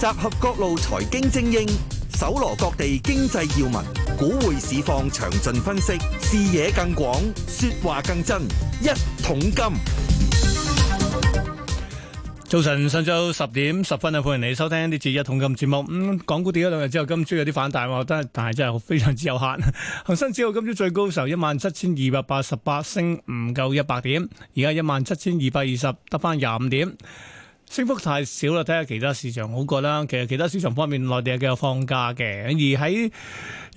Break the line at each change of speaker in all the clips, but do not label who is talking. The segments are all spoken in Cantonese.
集合各路財經精英，搜羅各地經濟要聞，股匯市況詳盡分析，視野更廣，說話更真。一桶金，早晨，上晝十點十分啊！歡迎你收聽呢節一桶金節目。咁港股跌咗兩日之後，今朝有啲反彈，我覺得但係真係非常之有限。恒生指數今朝最高嘅時候一萬七千二百八十八，17, 8，升唔夠一百點，而家一萬七千二百二十，得翻廿五點。升幅太少啦，睇下其他市場好過啦。其實其他市場方面，內地又繼續放假嘅，而喺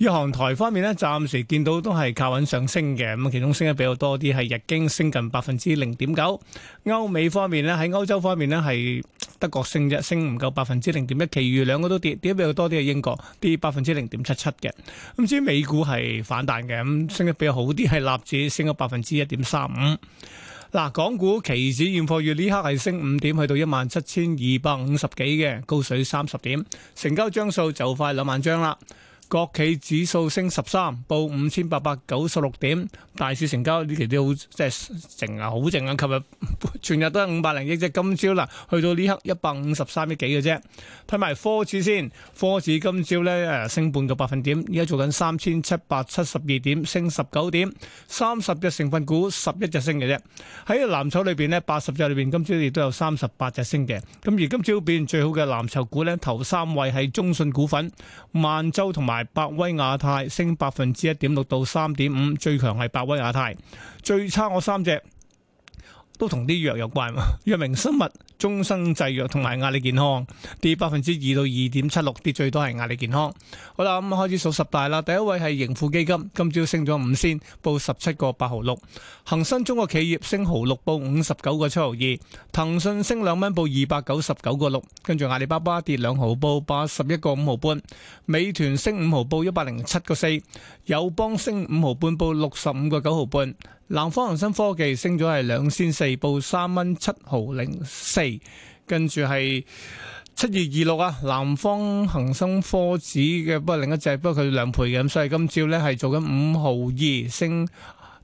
日韓台方面呢暫時見到都係靠穩上升嘅。咁其中升得比較多啲係日經升近百分之零點九，歐美方面呢喺歐洲方面呢係德國升咗升唔夠百分之零點一，其餘兩個都跌，跌得比較多啲係英國跌百分之零點七七嘅。咁至於美股係反彈嘅，咁升得比較好啲係納指升咗百分之一點三五。嗱，港股期指現貨月呢刻係升五點，去到一萬七千二百五十幾嘅高水三十點，成交張數就快兩萬張啦。國企指數升十三，報五千八百九十六點。大市成交呢期都好，即係靜啊，好靜啊！琴日 全日都係五百零億，即係今朝嗱，去到呢刻一百五十三億幾嘅啫。睇埋科指先，科指今朝咧誒升半個百分點，而家做緊三千七百七十二點，升十九點，三十隻成分股十一隻升嘅啫。喺藍籌裏邊呢，八十隻裏邊今朝亦都有三十八隻升嘅。咁而今朝變最好嘅藍籌股咧，頭三位係中信股份、萬洲同埋。百威亞太升百分之一點六到三點五，最強係百威亞太，最差我三隻都同啲藥有關，藥明生物。眾生製藥同埋壓力健康跌百分之二到二點七六，跌最多係壓力健康。好啦，咁開始數十大啦。第一位係盈富基金，今朝升咗五仙，報十七個八毫六。恒生中國企業升毫六，報五十九個七毫二。騰訊升兩蚊，報二百九十九個六。跟住阿里巴巴跌兩毫，報八十一個五毫半。美團升五毫，報一百零七個四。友邦升五毫半，報六十五個九毫半。南方恒生科技升咗係兩仙四，報三蚊七毫零四。跟住係七月二六啊，南方恒生科指嘅，不過另一隻，不過佢兩倍嘅，咁所以今朝咧係做緊五毫二升。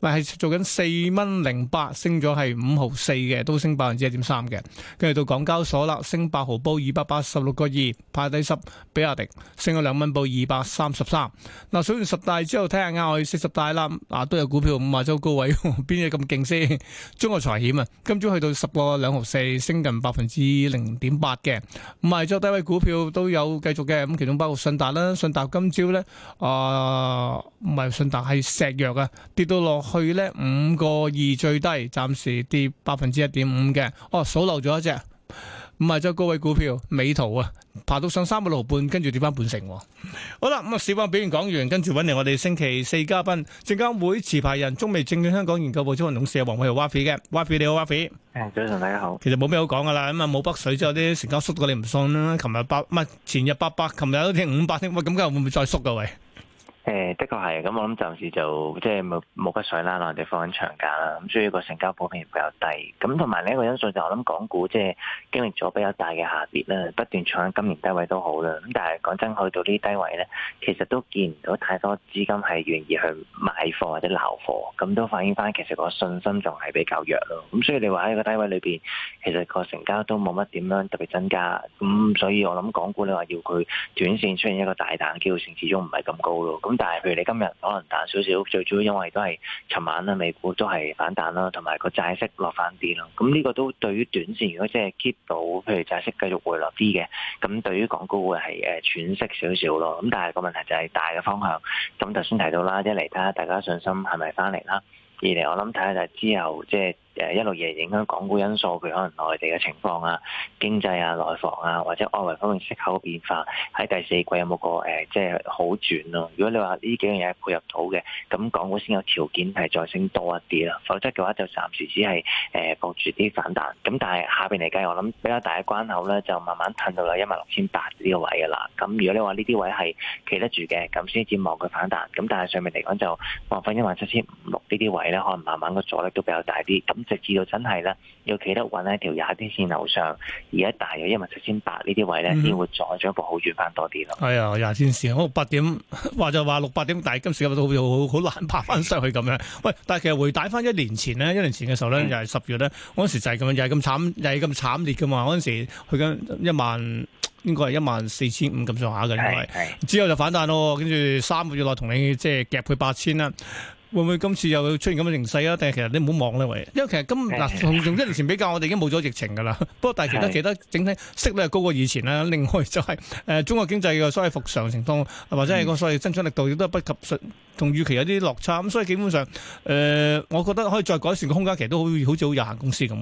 咪係做緊四蚊零八，升咗係五毫四嘅，都升百分之一點三嘅。跟住到港交所啦，升八毫，報二百八十六個二，排第十，比亞迪升咗兩蚊，報二百三十三。嗱，數完十大之後，睇下啱去四十大啦，啊都有股票五十周高位，邊嘢咁勁先？中國財險啊，今朝去到十個兩毫四，升近百分之零點八嘅。五十周低位股票都有繼續嘅，咁其中包括信達啦，信達今朝咧啊唔係信達係石藥啊，跌到落。去呢，五個二最低，暫時跌百分之一點五嘅。哦，數漏咗一隻，唔係，即係高位股票美圖啊，爬到上三個六半，跟住跌翻半成。好啦，咁、嗯、啊，市況表現講完，跟住搵嚟我哋星期四嘉賓，證監會持牌人、中美證券香港研究部總董事黃偉豪，Waffy 嘅。Waffy 你好，Waffy。誒，早晨大家好。其實冇咩好講噶啦，咁啊冇北水之後啲成交縮到你唔信啦。琴日八，唔係前日八百，琴日都跌五百點，咁今日會唔會再縮噶喂。
誒，的確係，咁我諗暫時就即係冇冇乜水啦，我哋放緊長假啦，咁所以個成交普遍比較低。咁同埋呢一個因素就是、我諗港股即係經歷咗比較大嘅下跌啦，不斷創喺今年低位都好啦。咁但係講真去到呢低位呢，其實都見唔到太多資金係願意去買貨或者撈貨，咁都反映翻其實個信心仲係比較弱咯。咁所以你話喺個低位裏邊，其實個成交都冇乜點樣特別增加。咁所以我諗港股你話要佢短綫出現一個大彈嘅機會性始終唔係咁高咯。咁但係，譬如你今日可能彈少少，最主要因為都係尋晚啦，美股都係反彈啦，同埋個債息落翻啲咯。咁呢個都對於短線，如果即係 keep 到，譬如債息繼續回落啲嘅，咁對於港股會係誒喘息少少咯。咁但係個問題就係大嘅方向，咁頭先提到啦，一嚟睇下大家信心係咪翻嚟啦，二嚟我諗睇下就係之後即係。誒一路亦影響港股因素，譬如可能內地嘅情況啊、經濟啊、內房啊，或者外圍方面息口嘅變化，喺第四季有冇個誒即係好轉咯、啊？如果你話呢幾樣嘢配合到嘅，咁港股先有條件係再升多一啲啦，否則嘅話就暫時只係誒博住啲反彈。咁但係下邊嚟計，我諗比較大嘅關口咧，就慢慢褪到啦一萬六千八呢個位嘅啦。咁如果你話呢啲位係企得住嘅，咁先至望佢反彈。咁但係上面嚟講就放翻一萬七千五六呢啲位咧，可能慢慢個阻力都比較大啲。咁直至到真係咧，要企得穩喺條廿天線樓上，而家大約 1, 一萬七千八呢啲位咧，先會再進一步好轉
翻多啲咯。係啊、嗯，廿天線我八點話就話六八點，但係今時今日都好好難爬翻上去咁樣。喂，但係其實回帶翻一年前咧，一年前嘅時候咧，又係十月咧，嗰陣是時就係咁樣，又係咁慘，又係咁慘烈噶嘛。嗰、啊、陣時去緊一萬，應該係一萬四千五咁上下嘅，應該。之後就反彈咯，跟住三個月內同你即係夾佢八千啦。會唔會今次又出現咁嘅形勢啊？定係其實你唔好望呢？喂，因為其實今嗱，同一年前比較，我哋已經冇咗疫情噶啦。不過但係其他 其他整體息率係高過以前啦。另外就係、是、誒、呃，中國經濟嘅所謂復常情況，或者係個所謂增長力度亦都係不及同預期有啲落差。咁所以基本上誒、呃，我覺得可以再改善嘅空間其實都好好似好有限公司咁。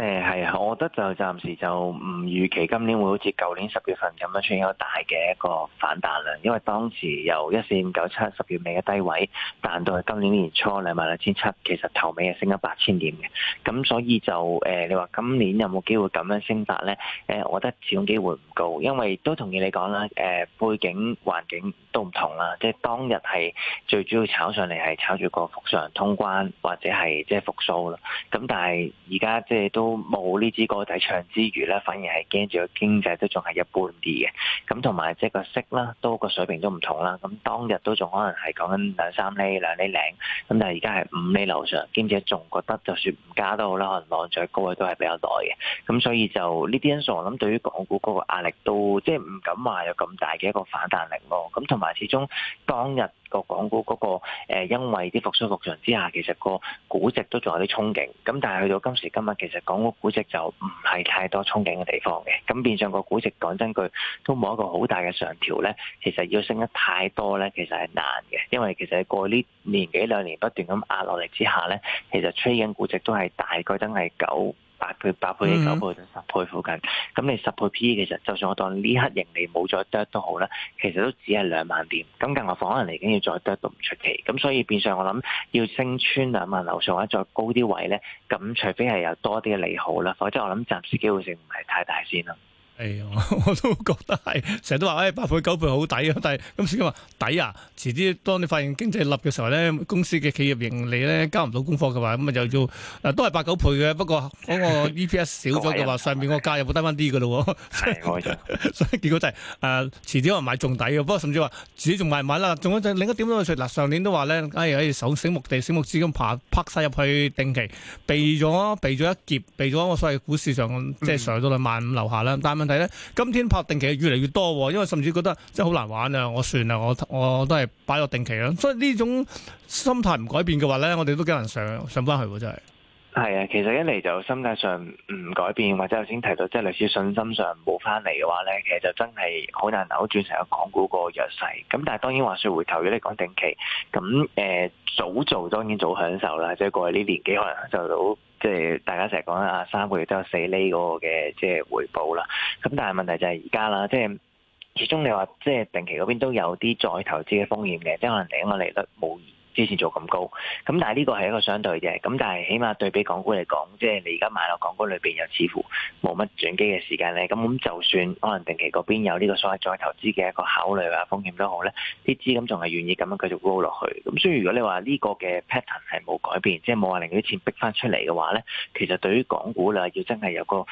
即係係啊，我覺得就暫時就唔預期今年會好似舊年十月份咁樣出現一個大嘅一個反彈啦。因為當時由一四五九七十月尾嘅低位彈到去今年年初兩萬兩千七，2, 27, 其實頭尾係升咗八千點嘅。咁所以就誒、呃，你話今年有冇機會咁樣升法咧？誒、呃，我覺得始終機會唔高，因為都同意你講啦。誒、呃，背景環境都唔同啦。即係當日係最主要炒上嚟係炒住個復常通關或者係即係復甦啦。咁但係而家即係都。都冇呢支歌仔唱之餘咧，反而係驚住個經濟都仲係一般啲嘅，咁同埋即係個息啦，多個水平都唔同啦，咁當日都仲可能係講緊兩三厘、兩厘零，咁但係而家係五厘樓上，兼且仲覺得就算唔加都好啦，可能浪漲高嘅都係比較耐嘅，咁所以就呢啲因素，我諗對於港股嗰個壓力都即係唔敢話有咁大嘅一個反彈力咯，咁同埋始終當日。個港股嗰個誒，因為啲復甦復常之下，其實個估值都仲有啲憧憬。咁但係去到今時今日，其實港股估值就唔係太多憧憬嘅地方嘅。咁變相個估值講真句，都冇一個好大嘅上調咧。其實要升得太多咧，其實係難嘅，因為其實過呢年幾兩年不斷咁壓落嚟之下咧，其實推緊估值都係大概都係九八倍、八倍、九倍到十倍附近，咁你十倍 P/E 其實，就算我當呢刻盈利冇再跌都好啦，其實都只係兩萬點。咁銀行房可能嚟緊要再跌都唔出奇，咁所以變相我諗要升穿兩萬樓上或者再高啲位咧，咁除非係有多啲嘅利好啦，否則我諗暫時機會性唔係太大先啦。
係、哎，我都覺得係，成日都話，誒、哎，八倍九倍好抵啊！但係今次咁話抵啊，遲啲當你發現經濟立嘅時候咧，公司嘅企業盈利咧，交唔到功課嘅話，咁啊就要，啊、呃、都係八九倍嘅，不過嗰個 E P S 少咗嘅話，上面個價又會低翻啲嘅咯，成所，所以結果就係、是，誒、呃，遲啲可能買仲抵嘅，不過甚至話自己仲買唔買啦，仲有就另一點都要說，嗱、啊，上年都話咧，哎，可、哎、手醒目地醒目資金，拍晒入去定期，避咗避咗一劫，避咗我所謂股市上，即係上到兩、嗯、萬五樓下啦，睇咧，今天拍定期越嚟越多，因為甚至覺得真係好難玩啊！我算啦，我我都係擺落定期啦。所以呢種心態唔改變嘅話咧，我哋都幾難上上返去，真係。
係啊，其實一嚟就心態上唔改變，或者頭先提到即係類似信心上冇翻嚟嘅話咧，其實就真係好難扭轉成個港股個弱勢。咁但係當然話説回頭，如果你講定期，咁誒、呃、早做當然早享受啦。即係過去呢年幾可能享受到即係大家成日講啊三個月都有四厘嗰個嘅即係回報啦。咁但係問題就係而家啦，即係始終你話即係定期嗰邊都有啲再投資嘅風險嘅，即係可能第一個利率冇。之前做咁高，咁但係呢個係一個相對嘅，咁但係起碼對比港股嚟講，即係你而家買落港股裏邊又似乎冇乜轉機嘅時間咧，咁咁就算可能定期嗰邊有呢個所謂再投資嘅一個考慮啊風險都好咧，啲資金仲係願意咁樣繼續 roll 落去，咁所以如果你話呢個嘅 pattern 係冇改變，即係冇話令啲錢逼翻出嚟嘅話咧，其實對於港股啦，要真係有個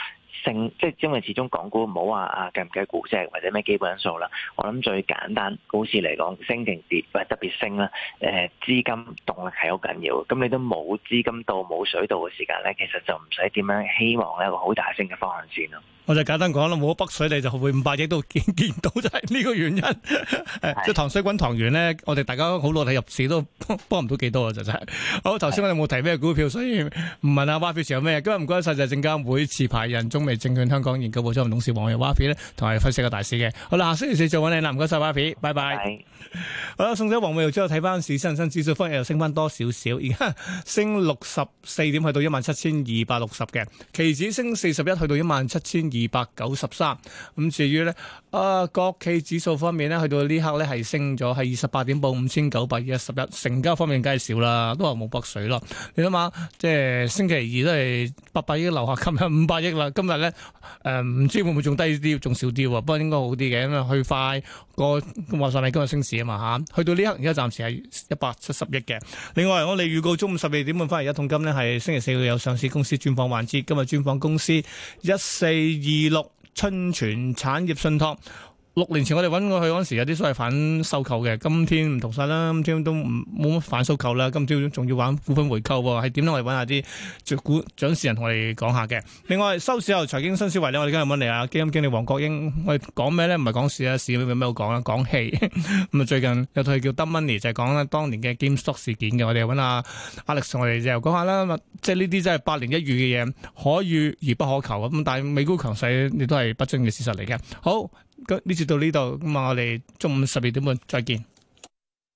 升即係因為始終港股唔好話啊計唔計股息，或者咩基本因素啦。我諗最簡單股市嚟講升定跌，或係特別升啦。誒資金動力係好緊要。咁你都冇資金到冇水到嘅時間咧，其實就唔使點樣希望一個好大升嘅方向線咯。
我就簡單講啦，冇北水你就會五百億都見見到，就係、是、呢個原因。即係塘水滾塘魚咧，我哋大家好耐睇入市都幫唔到幾多啊！就係、是、 好頭先我哋冇提咩股票，所以唔問啊巴菲特有咩。今日唔該曬就係證監會持牌人，人中。係證券香港研究部總監董事黃偉豪咧，同埋分析個大市嘅。好啦，下星期四再揾你，唔該晒，偉豪，拜拜。拜拜好啦，送走黃偉豪，之後睇翻市恒生指數，今又升翻多少少，少，而家升六十四點17，去到一萬七千二百六十嘅。期指升四十一，去到一萬七千二百九十三。咁至於呢，啊，國企指數方面呢，去到呢刻呢係升咗，係二十八點，報五千九百一十一。成交方面梗係少啦，都話冇北水咯。你諗下，即係星期二都係八百億留下今日，今日五百億啦，今日。咧，誒唔知會唔會仲低啲，仲少啲喎，不過應該好啲嘅，因為去快過話晒你今日升市啊嘛嚇，去到呢刻而家暫時係一百七十億嘅。另外，我哋預告中午十二點半翻嚟一桶金，呢係星期四會有上市公司專訪環節，今日專訪公司一四二六春泉產業信託。六年前我哋揾過去嗰時有啲所謂反收購嘅，今天唔同晒啦，今天都唔冇乜反收購啦。今朝仲要玩股份回購喎，係點我哋揾下啲股掌事人同我哋講下嘅。另外收市後財經新思維呢，我哋今日揾你啊基金經理黃國英，我哋講咩咧？唔係講市啊，市會咩？會有講啊？講氣咁啊！ 最近有套叫《Dumb Money》，就係講咧當年嘅 GameStop 事件嘅。我哋揾阿 Alex，我哋就又講下啦。即係呢啲真係百年一遇嘅嘢，可遇而不可求咁。但係美股強勢，亦都係不爭嘅事實嚟嘅。好。咁呢次到呢度，咁啊，我哋中午十二點半再見。